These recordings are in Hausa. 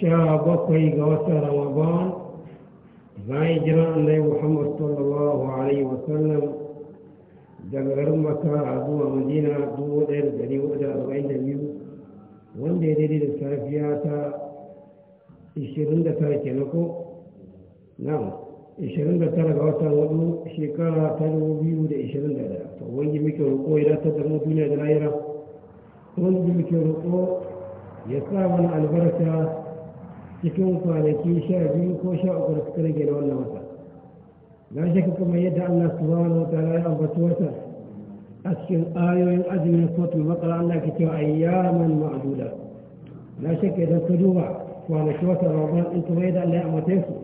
sha bakwai ga watan ramadan bayan jiran annabi muhammad sallallahu alaihi wasallam daga garin maka zuwa madina dubu ɗaya da ɗari hudu da arba'in da biyu wanda ya daidai da safiya ta ishirin da tara na ko na'am ishirin da tara ga watan hudu shekara ta dubu biyu da ishirin da ɗaya to wani muke roƙo ya ta zama duniya da lahira wani muke roƙo ya sa mana albarka cikin kwanaki sha biyu ko sha uku da suka rage na wannan wata na shaka kuma yadda Allah su zama na wata ya ambaci wata a cikin ayoyin azumin suratul baqara Allah ke cewa ayyaman ma'duda na shaka idan ka duba kwanaki wata ramadan in kuma yadda Allah ya ambata su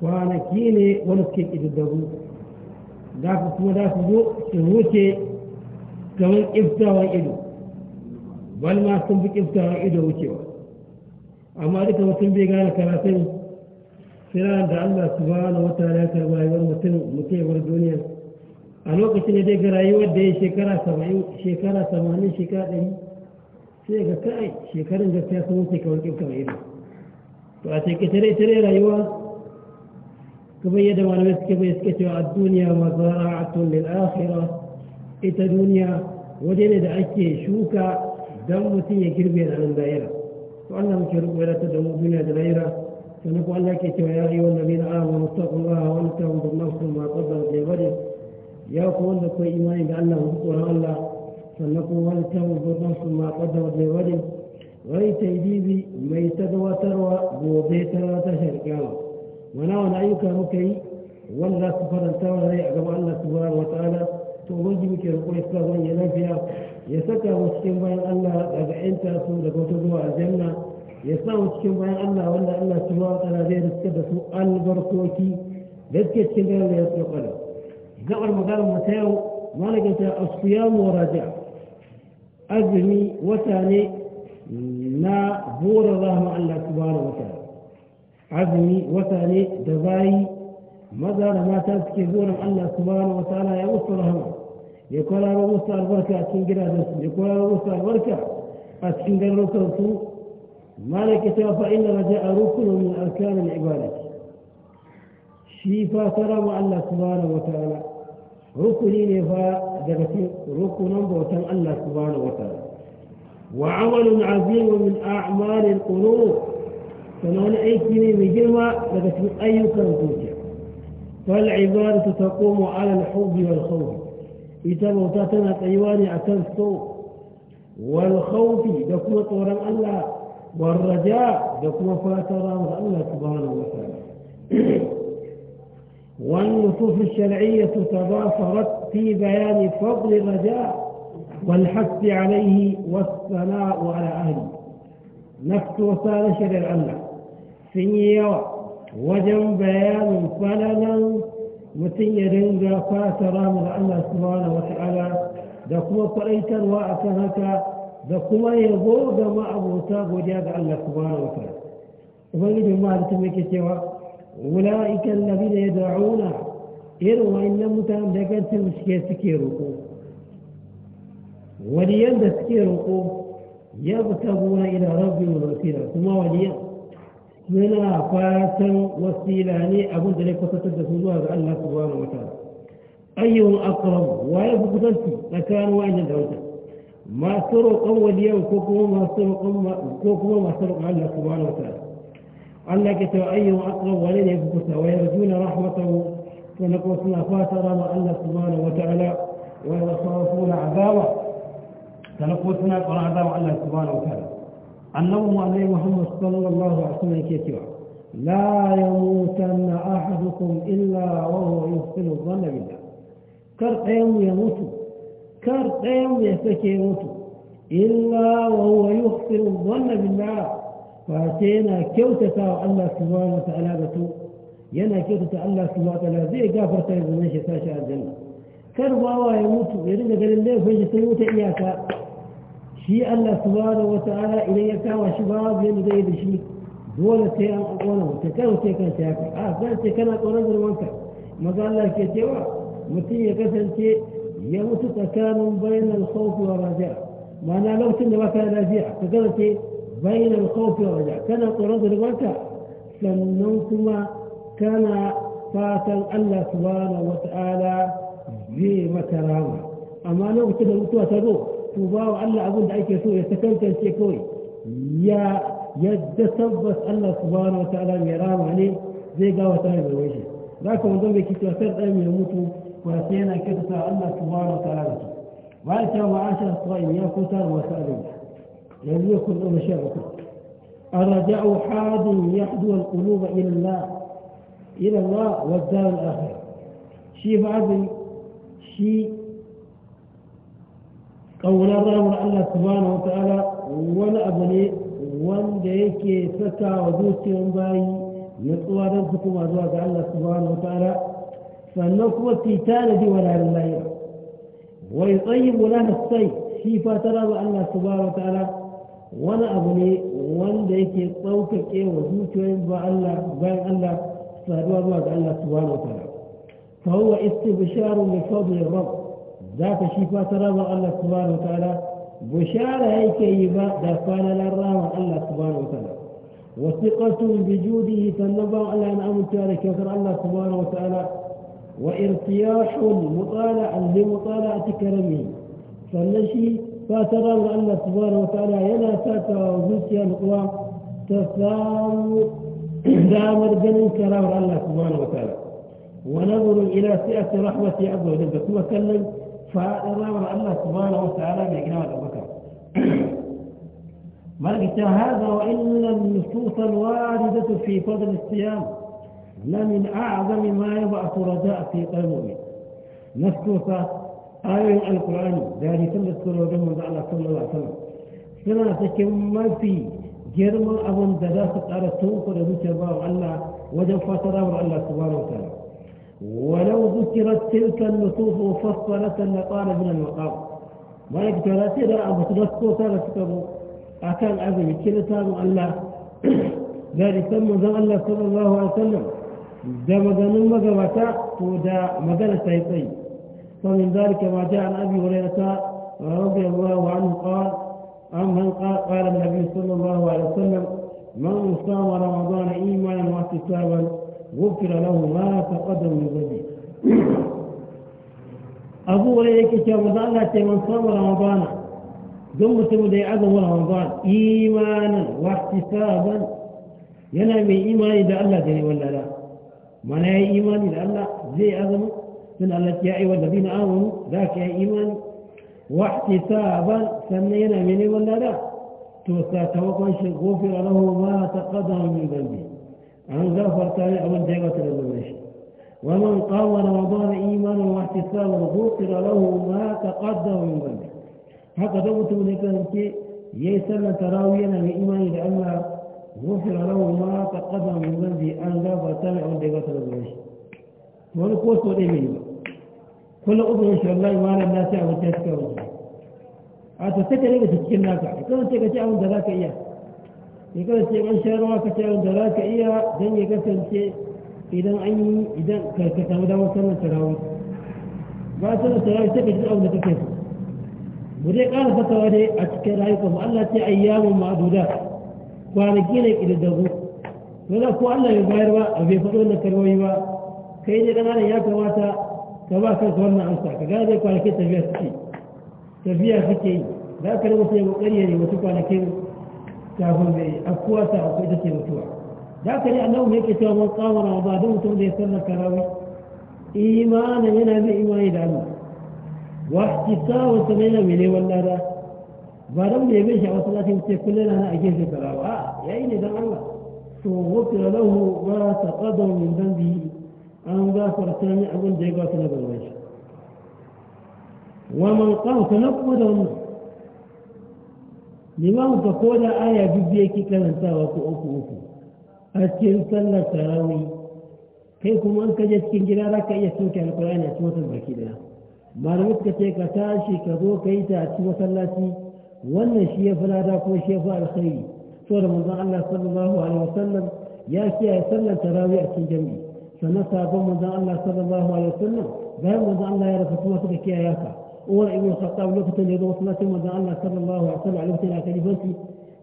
kwanaki ne wani suke kididdagu da ku kuma da su zo su wuce kamar iftawan ido bal ma sun fi iftawan ido wucewa amma duka mutum bai gane karatun siran da allah subhanahu wa ta'ala ya karba rayuwar mutum mutum ya bar duniya a lokacin da dai ga rayuwar da ya shekara saba'in shekara tamanin shekara ɗari sai ga kai shekarun gaskiya sun wuce kawai ƙin kamar ido to a ce kitare tare rayuwa kamar yadda malamai suke bai suke cewa a duniya mazara'atun lil akhirah ita duniya waje ne da ake shuka don mutum ya girbe da nan daira وأن نكر ولا تدعوا بنا دغيرا فنقول لك يا أيها الذين آمنوا اتقوا الله وأنتم بالنفس ما قدر في غدر يا قول لك إيمان بأنه سبحان الله فنقول وأنتم بالنفس ما قدر في غدر وأي تيديبي ميتد وتروى بوضي ثلاثة شركات ونحن نعيك ركي ولا سفر التوري أقوى الله سبحانه وتعالى to wani muke roƙo ya sa ya lafiya ya saka mu cikin bayan Allah daga ƴanta su daga wata zuwa aljanna ya sa mu cikin bayan Allah wanda Allah subhanahu wa ta'ala zai riska da su albarkoki da suke cikin bayan da ya tsokala gabar maganar mu ta yau malakin ta asfiyamu wa raji'a azumi wata ne na burin rahama Allah subhanahu wa ta'ala azumi wata ne da bayi maza da mata suke burin Allah subhanahu wa ta'ala ya musu rahama يكون أبو موسى البركة أتين جراد يكون أبو موسى البركة أتين جراد مالك إلا رجاء ركن من أركان العبادة شيفا ترى مع الله سبحانه وتعالى ركنين فا دقتين ركنا بوتن الله سبحانه وتعالى وعمل عظيم من أعمال القلوب فنون أيكني مجمع لقد أيك الزوجة فالعبادة تقوم على الحب والخوف إتابه تاتنا تأيواني أتنسو والخوف دكما طورا الله والرجاء دكما فاترام الله سبحانه وتعالى والنصوص الشرعية تضافرت في بيان فضل الرجاء والحث عليه والثناء على أهله نفس وسائل شرع الله سنيا وجم بيان فلنا mutum ya dinga fata ramin Allah subhanahu wata'ala da kuma faɗaitarwa a kan haka da kuma yabo ga ma'abota godiya ga Allah subhanahu wata'ala ubangijin mahalittun yake cewa wula'ikan nabi da ya da'una irin wa'annan mutanen da gantin suke suke roƙo waliyan da suke roƙo ya bi ta gona ila rabbi wa kuma waliyan من فات وسيلاني أبن ذلك وستدفوا هذا الله سبحانه وتعالى أيهم أقرب ويبقى ذلك لكان وإن دعوته ما سرق وليا وكوكما ما سرق الله سبحانه وتعالى الله كتب أيه الأقرب ولن يبقى ويرجون رحمته فنقص ما فات رمى الله سبحانه وتعالى ويخافون عذابه فنقص ما فات رمى الله سبحانه وتعالى أنهم عليه محمد صلى الله عليه وسلم كثيرا لا يموتن أحدكم إلا وهو يفصل الظن بالله كر قيم يموت كر قيم يفك يموت إلا وهو يفصل الظن بالله فأتينا كوتة وأن الله سبحانه وتعالى بتو ينا كوتة أن الله سبحانه وتعالى زي قافر تيب من شساشة الجنة كر بابا يموت يريد أن الله فيجي سيموت إياك شيء الله سبحانه وتعالى إليه كوا شباب يمدي بشيء دولة تيان أقوانا وتكالو تيكن تيكن آه قال تيكن أقوانا در وانتا ما قال الله كتوا متين يكسل تي يموت تكان بين الخوف والرجاء ما أنا لو تنه ما كان رجاء تقول تي بين الخوف والرجاء كان أقوانا در وانتا سننكما كان فاتا الله سبحانه وتعالى زي ما تراوه أما لو تنه متوا تقول to ba wa Allah abin da ake so ya sakankance kawai ya yadda tabbas Allah subhanahu wa ta'ala mai rama ne zai ga wata mai ruwan shi za ka wanzan mai kicin sai ɗan mai mutu ko sai yana kyautata Allah subhanahu wataala da su ba ya cewa ma'asha tsayin ya kusa da wasu abin yanzu ya kun ɗaura sha bakwai الرجاء حاد يحدو القلوب إلى الله إلى الله والدار الآخرة شيء بعد shi قولا رام الله سبحانه وتعالى ولا أبني وانديك فتا ودوت ينباي يطوى دمتكم أزواج الله سبحانه وتعالى فالنقوة تيتانة دي ولا الله ويطيب لها السيف في فترة الله سبحانه وتعالى وانا أبني وانديك طوكك ودوت ينباي الله باي الله فأدوى أزواج الله سبحانه وتعالى فهو استبشار لفضل الرب ذات ka shi الله سبحانه وتعالى subhanahu wa ta'ala bushara yake سبحانه وتعالى da وثقة بجوده تنبع على امر تعالى كثر الله سبحانه وتعالى وارتياح مطالع لمطالعة كرمه فالنشي فاترى الله سبحانه وتعالى يلا ساتا وزوسيا القوى تسام دامر جن كرام الله سبحانه وتعالى ونظر إلى سعة رحمة عز وجل ثم فالرغم الله سبحانه وتعالى بإكرام أبو بكر ما ملك هذا وإن النصوص الواردة في فضل الصيام لمن أعظم ما يبعث رجاء في قلبه نصوص آية من القرآن داري سنة سورة جمهة على صلى الله عليه وسلم سنة تكمل في جرم أبو الدلاسة على سوق رجوك الله وجب فترة الله سبحانه وتعالى ولو ذكرت تلك النصوص مفصلة لقال من المقام مالك ثلاثين لا أبو تدسكو ثلاثة أكان أبي كلتان الله ذلك من ذا الله صلى الله عليه وسلم ذا مدن مقامتا وذا مدن السيطي فمن ذلك ما جاء عن أبي هريرة رضي الله عنه قال أم من قال قال النبي صلى الله عليه وسلم من صام رمضان إيمانا واحتسابا غفر له ما تقدم من ذنبه أبو ولي لك إشاب الله تيمان صام رمضان دم سمو دي أبو رمضان إيمانا واحتسابا ينامي إيمان إذا الله تيمان ولا لا من أي إيمان إذا الله زي أبو من الله تيا أيها الذين آمنوا ذاك أي إيمان واحتسابا سمي ينامي ولا لا توسى توقع غفر له ما تقدم من ذنبه an gafarta mai abin da ya bata da zuwa shi ومن قام رمضان إيمانا واحتسابا غفر له ما تقدم من ذنبه haka da mutum ne kasance ke yi sallar tarawih yana mai imani da Allah gofir lahu ma ta min zambi an gafarta mai wanda ya gata da zuwa shi wani ko so dai mai ba kullum insha Allah imanin na sai abin ta wuce a ta saka ne da cikin naka ka kasance ka ci abin da za ka iya ya kasance an sha ruwa ka ce wanda za ka iya don ya kasance idan an yi idan ka samu damar sallar tarawih ba sallar tarawih sai ka ji abin da kake so mu dai ƙara fatawa dai a cikin rayuwa rayukan Allah ce a yi ayyamun ma'aduda kwanaki ne ƙididdago wala ko Allah ya bayar ba a bai faɗo wannan karwayi ba kai ne ƙananan ya kamata ka ba kanka wannan amsa ka gane dai kwanaki tafiya suke tafiya suke yi za ka rubuta ya ƙoƙari ya wasu kwanakin kafin mai afkuwa ta akwai ita ce mutuwa da ka ne annabi yake cewa man qama ramadan mutum da ya sallar tarawih imanan yana mai imani da Allah wa ihtisabu sanana mai ne lada ba dan da ya bai shi a wasu lati ce kullum na a gefe tarawih a yayi ne dan Allah to wukira lahu ma taqaddama min dhanbihi an ga ne abin da ya gafara da wani shi wa man qama tanqada limamu fa ko da aya duk yake karantawa ko uku uku a cikin sallar tarawi kai kuma an kaje cikin gida za ka iya soke alkur'ani a cikin wata baki daya malamai suka ce ka tashi ka zo ka yi ta a cikin masallaci wannan shi ya fi lada ko shi ya fi alkhairi da manzon Allah sallallahu alaihi wasallam ya kiyaye sallar tarawi a cikin jami'i sannan sabon manzon Allah sallallahu alaihi wasallam bayan manzon Allah ya rasu kuma suka kiyaye ka umar ibn khattab lokacin da ya ga wasu masu manzon Allah sallallahu alaihi wasallam a lokacin da kalifanci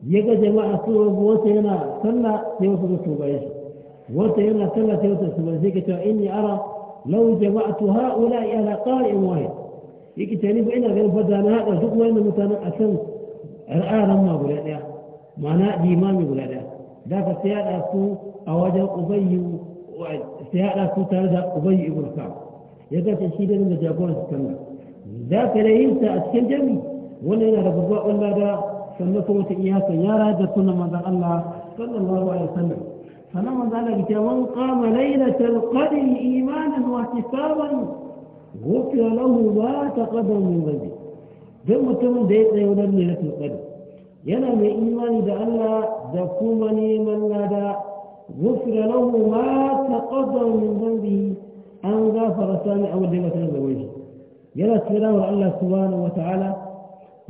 ya ga jama'a su wata yana sallah sai wasu su bayan shi wata yana sallah sai wasu su bayan sai ka cewa inni ara law jama'tu ha'ula'i ala qari'in wahid yake tani ba ina ganin fata na haɗa duk wani mutanen a kan ra'aran ma guda ɗaya ma'ana limami guda ɗaya da ka sai haɗa su a wajen ubayyu sai haɗa su tare da ubayyu ibn ka'ab ya kace shi da da jagoran su kallon ذاك لا ينسى أتكن جميع ولينا رب الله أولا دا فنفوة إياك يا راجة كنا مدى الله صلى الله عليه وسلم فنما ذلك جوان قام ليلة القدر إيمانا واحتسابا غفر له ما تقدم من ذلك ثم تم ديت يوم ليلة القدر ينا من إيمان دا الله دفوما نيمان دا غفر له ما تقدم من ذنبه أن غفر سامع أول دمتان زوجه yana tsirawar Allah subhanahu wa ta'ala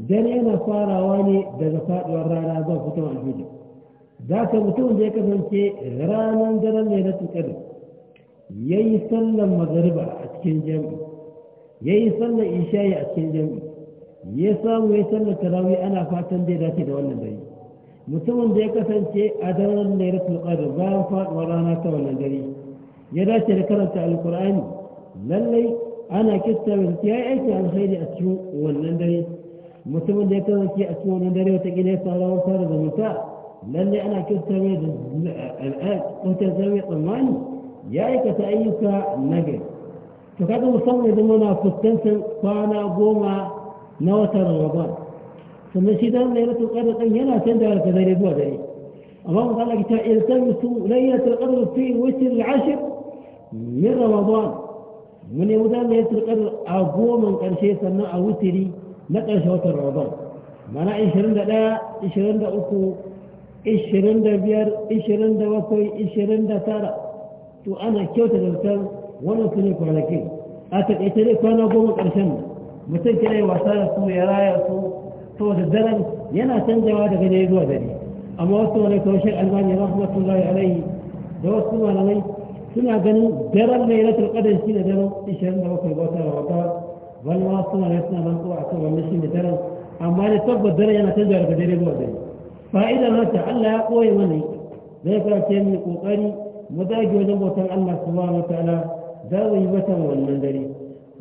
dare yana farawa ne daga faduwar rana zuwa fitowar alfiji za ka mutum da ya kasance ranar daren ne na tukar ya yi sallan magariba a cikin jami'i ya yi sallan ishayi a cikin jami'i ya samu ya sallan tarawi ana fatan zai dace da wannan dare mutumin da ya kasance a daren ne na tukar bayan faduwar rana ta wannan dare ya dace da karanta alkur'ani lallai أنا كنت من تيأت على خير أسوء والنبي متمن يكون تي أسوء والنبي وتجيله صار وصار ذمتا لأن أنا كنت من الآن كنت زوي طمان يأك تأيك نجد فقد وصلنا ضمنا في التنسل فأنا أقوم نوتر الغضان فمشي أنا ليلة القدر قيلا تندر كذلك بوضعي أمام قال لك تأيلتمسوا ليلة القدر في وتر العشر من رمضان mu ne wuta mai turkar a goma ƙarshe sannan a wutiri na ƙarshe watan ramadan mana 21 23 25 27 29 to ana kyauta da wutar wannan su ne kwanakin a taƙaice ne kwana goma ƙarshen mutum kira wasa da su ya raya su to da daren yana canjawa daga dare zuwa dare amma wasu wani kawashin rahmatullahi alaihi da wasu malamai suna ganin daren lailatul qadr shine daren 27 ga watan ramadan wallahi suna ne suna a akan wannan shine daren amma ne tabbas daren yana canjawa daga dare zuwa dare fa'idar mata Allah ya koyi mana zai karanta mu kokari mu dage wajen bautar Allah subhanahu wataala da mu yi watan wannan dare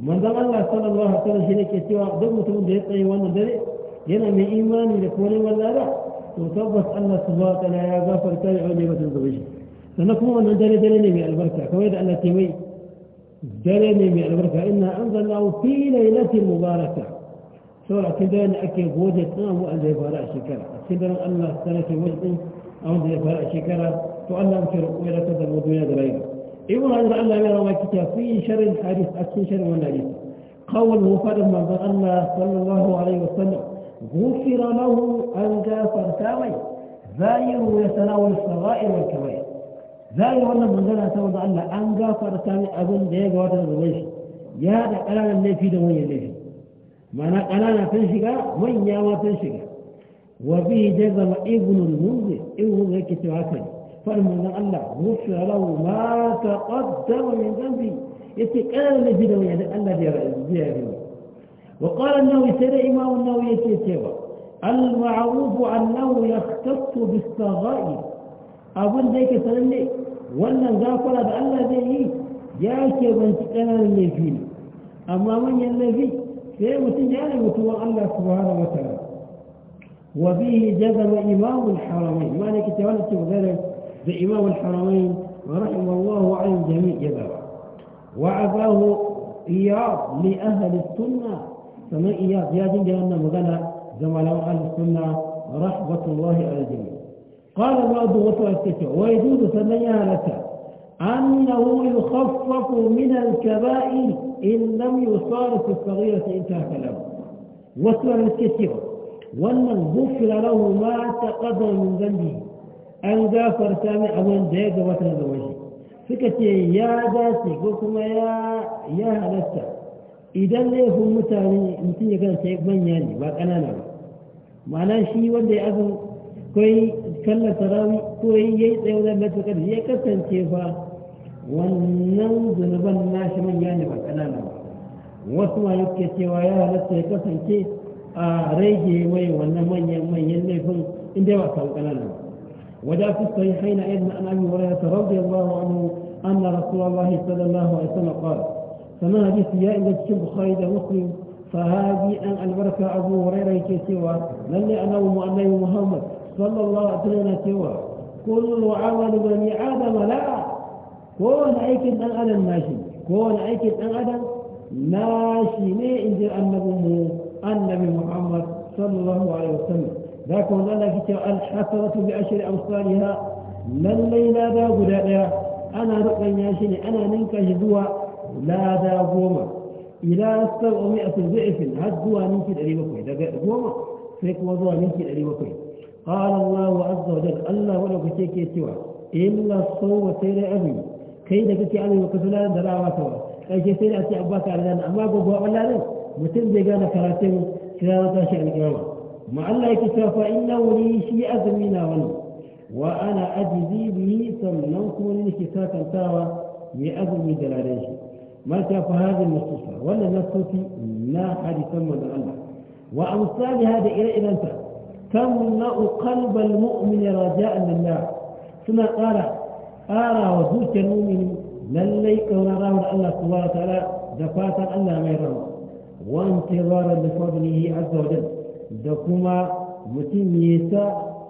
manzon Allah sallallahu alaihi wasallam ne ke cewa duk mutumin da ya tsaye wannan dare yana mai imani da kone wannan da to tabbas Allah subhanahu wataala ya gafarta da aure mutum zuwa shi تنقوا من عند دليني من البركة كويد أن تيوي دليني من البركة إنا أنزلناه في ليلة مباركة سورة كدان أكي وجدناه أن يبارع شكرا كدان الله سنة وجد أن يبارع شكرا تؤلى أكي رؤية تدى المدنية دليني إبن عزر الله يرى ما كتاب في شر الحديث أكي شر والنجيس قول مفرد من ذا الله صلى الله عليه وسلم غفر له أن جافر كامي ذاير يتناول الصغائر والكبائر za a yi wannan magana saboda Allah an gafarta min abin da ya gabata da zuban shi ya da ƙananan laifi da manyan laifi mana ƙanana sun shiga manya ma sun shiga wa bi jazama ibnu al-munzir ibnu yake cewa haka ne fadin manzon Allah musa lahu ma taqaddama min dhanbi yace ƙananan laifi da manyan Allah da ya rayu wa qala an-nawawi sai imam an-nawawi yake cewa al-ma'ruf annahu yahtassu bis-sagha'ir abin da yake sananne wannan gafara da Allah zai yi ya ke banci ƙananan laifi ne amma manyan laifi sai mutum ya ne mutuwa Allah subhanahu wa ta'ala wa bihi jazama imamul haramain ma ne kita wannan ce magana da imamul haramain wa rahimallahu an jami' ya zaba wa azahu iyad li ahli sunna sanan iya ya dinga wannan magana ga malaman ahli sunna rahmatullahi alal jami' قال بعض وتوسكه ويجوز سنيا لك أنه يخفف من الكبائر إن لم يصار في الصغيرة انتهى كلامه وسلم الكثيرة وأن غفر له ما تقدر من ذنبه أن غافر سامع أبوان ديك وتنزوجه فكتي يا داسي وكما يا يا هلتا idan laifin mutane mutum ya kanta ya manya ne ba ƙanana ba ma'ana shi wanda ya azumi kai Kalla sarawi ko yayi tsaye wajen da suka ya kasance fa wannan zunuban nashi manya ne ba kanana ba wasu ma yake cewa ya halatta ya kasance a rage mai wannan manyan manyan laifin inda ba kan kanana ba wajen su sai haina irin an ami wa rayata radiyallahu anhu anna rasulullahi sallallahu alaihi wasallam qala sanan hadisi ya inda cikin bukhari da muslim abu أن البركة أبو cewa كسوى لن أنا ومؤني muhammad. صلى الله عليه وسلم سوى كل عمل بني آدم لا كون أيك أن أنا ماشي كون أيك أن أنا ماشي ليه إنجي أن نبو النبي محمد صلى الله عليه وسلم لكن أنا كنت الحسره بأشر اوصالها من لينا ذا قدرنا أنا رقم ياشني أنا منك جدوى لا ذا قوما إلى سبعمائة ضعف هذا منك الأليم كوي ذا قوما فيك وضع منك الأليم كوي qala Allahu azza wa jalla Allah wala kuke ke cewa eh sawwa sai dai azumi kai da kake azumi ka suna da rawa ta kai sai da a abbaka aljanna amma gobe wallahi ne mutum zai gane karatun kira ta shi alƙiyama ma Allah yake cewa fa inna wani shi azumi na wannan wa ana ajizi bihi sannan kuma ne nake sakantawa mai azumi da ladan shi ما شاف هذه النصوص ولا نصوص لا حديثا من الله har da إلى إلى أنت tamna qalbal mu'mini raja'an lillah suna qara qara wa zuciyar mu'mini lallai kaurara wa Allah subhanahu wa ta'ala da fatan Allah mai rawa wa intizara li fadlihi azza wa da kuma mutum yasa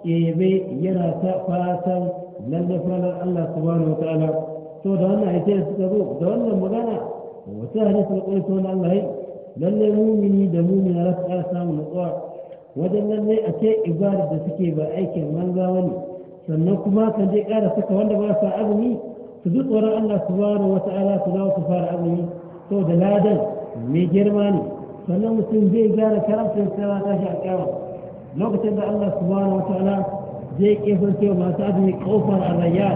yabe yana ta fatan lallai fadlan Allah subhanahu ta'ala to da wannan ayati suka zo da wannan magana wata hadisi ne ko Allah ya lallai mu'mini da mu'mina rasul Allah sallallahu alaihi wajen lallai a ce ibadar da suke ba aikin banza wani sannan kuma kan je ƙara saka wanda ba sa azumi su ji tsoron Allah subhanahu wa ta'ala su dawo su fara azumi to da ladan mai girma ne sannan mutum zai gane karamcin sa ta shi a kyawa lokacin da Allah subhanahu wa ta'ala zai kefar cewa masu azumi kofar arayya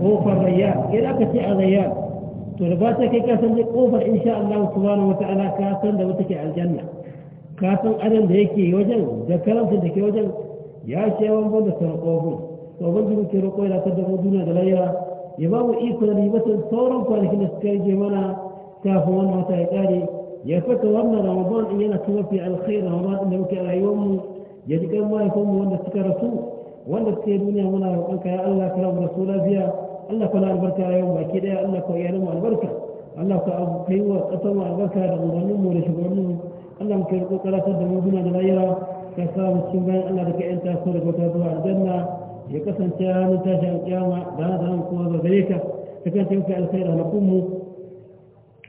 kofar rayya idan aka ce arayya to da ba ta kai ka san kofar insha Allah subhanahu wa ta'ala ka san da wata ke aljanna kafin san da yake wajen da karanta da ke wajen ya ce yawan ban da sarakofin to ban da muke roƙo yana kaddamar duniya da layya ya ba mu iko da ribatan sauran kwanakin da suka rage mana kafin wannan wata ya ƙare ya fata wannan ramadan in yana kuma fi alkhair ramadan da muke rayuwarmu ya ji kan mahaifanmu wanda suka rasu wanda suka yi duniya muna roƙonka ya Allah ka rabu da su lafiya Allah ka na albarka rayuwar baki ɗaya Allah ka yi mu albarka Allah ka abu kai wa ƙasar mu albarka da umarninmu da shugabanninmu اللهم كيف قلت لا تدعو بنا لا يرى السنبان الله بك انت صرف وتوضع الجنة يقسم تيام تاجع القيامة دانا دانا مقوضة ذريكة فكانت يوفع الخير على قمه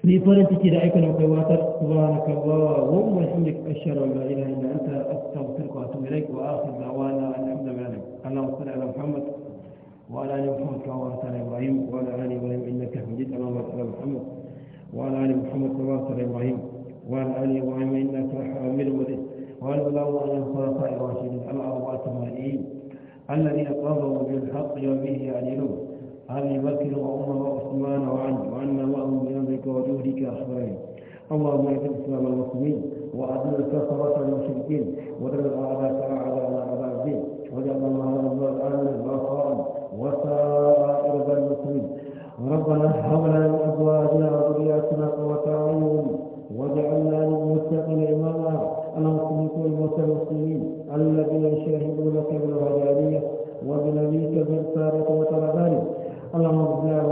بفرنت كدائك المتواتر سبحانك الله وهم الحمدك أشهر وما إله إلا أنت أستغفرك وأتوب إليك وآخر دعوانا أن الحمد لله اللهم صل على محمد وعلى آل محمد كما صليت على إبراهيم وعلى آل إبراهيم إنك حميد اللهم صل على محمد وعلى آل محمد كما صليت على إبراهيم وعن علي وعن إنك حامل مريض وعن الله أن الخلفاء الراشدين الأربعة المهديين الذين قاموا بالحق وبه يعدلون يعني أبي بكر وعمر وعثمان وعن وعن الله بأمرك وجودك أخبرين اللهم اعز الإسلام المسلمين وأذل الكفرة المشركين ودل أعداءك أعداء أعداء الدين وجعل الله العالمين غفارا وسائر المسلمين ربنا هب لنا من أزواجنا وذرياتنا قوة عيون وجعلنا للمتقين إماما اللهم صل موتى الذين شهدوا لك بالوهدانية وبنبيك بالثابت وترباني اللهم اغفر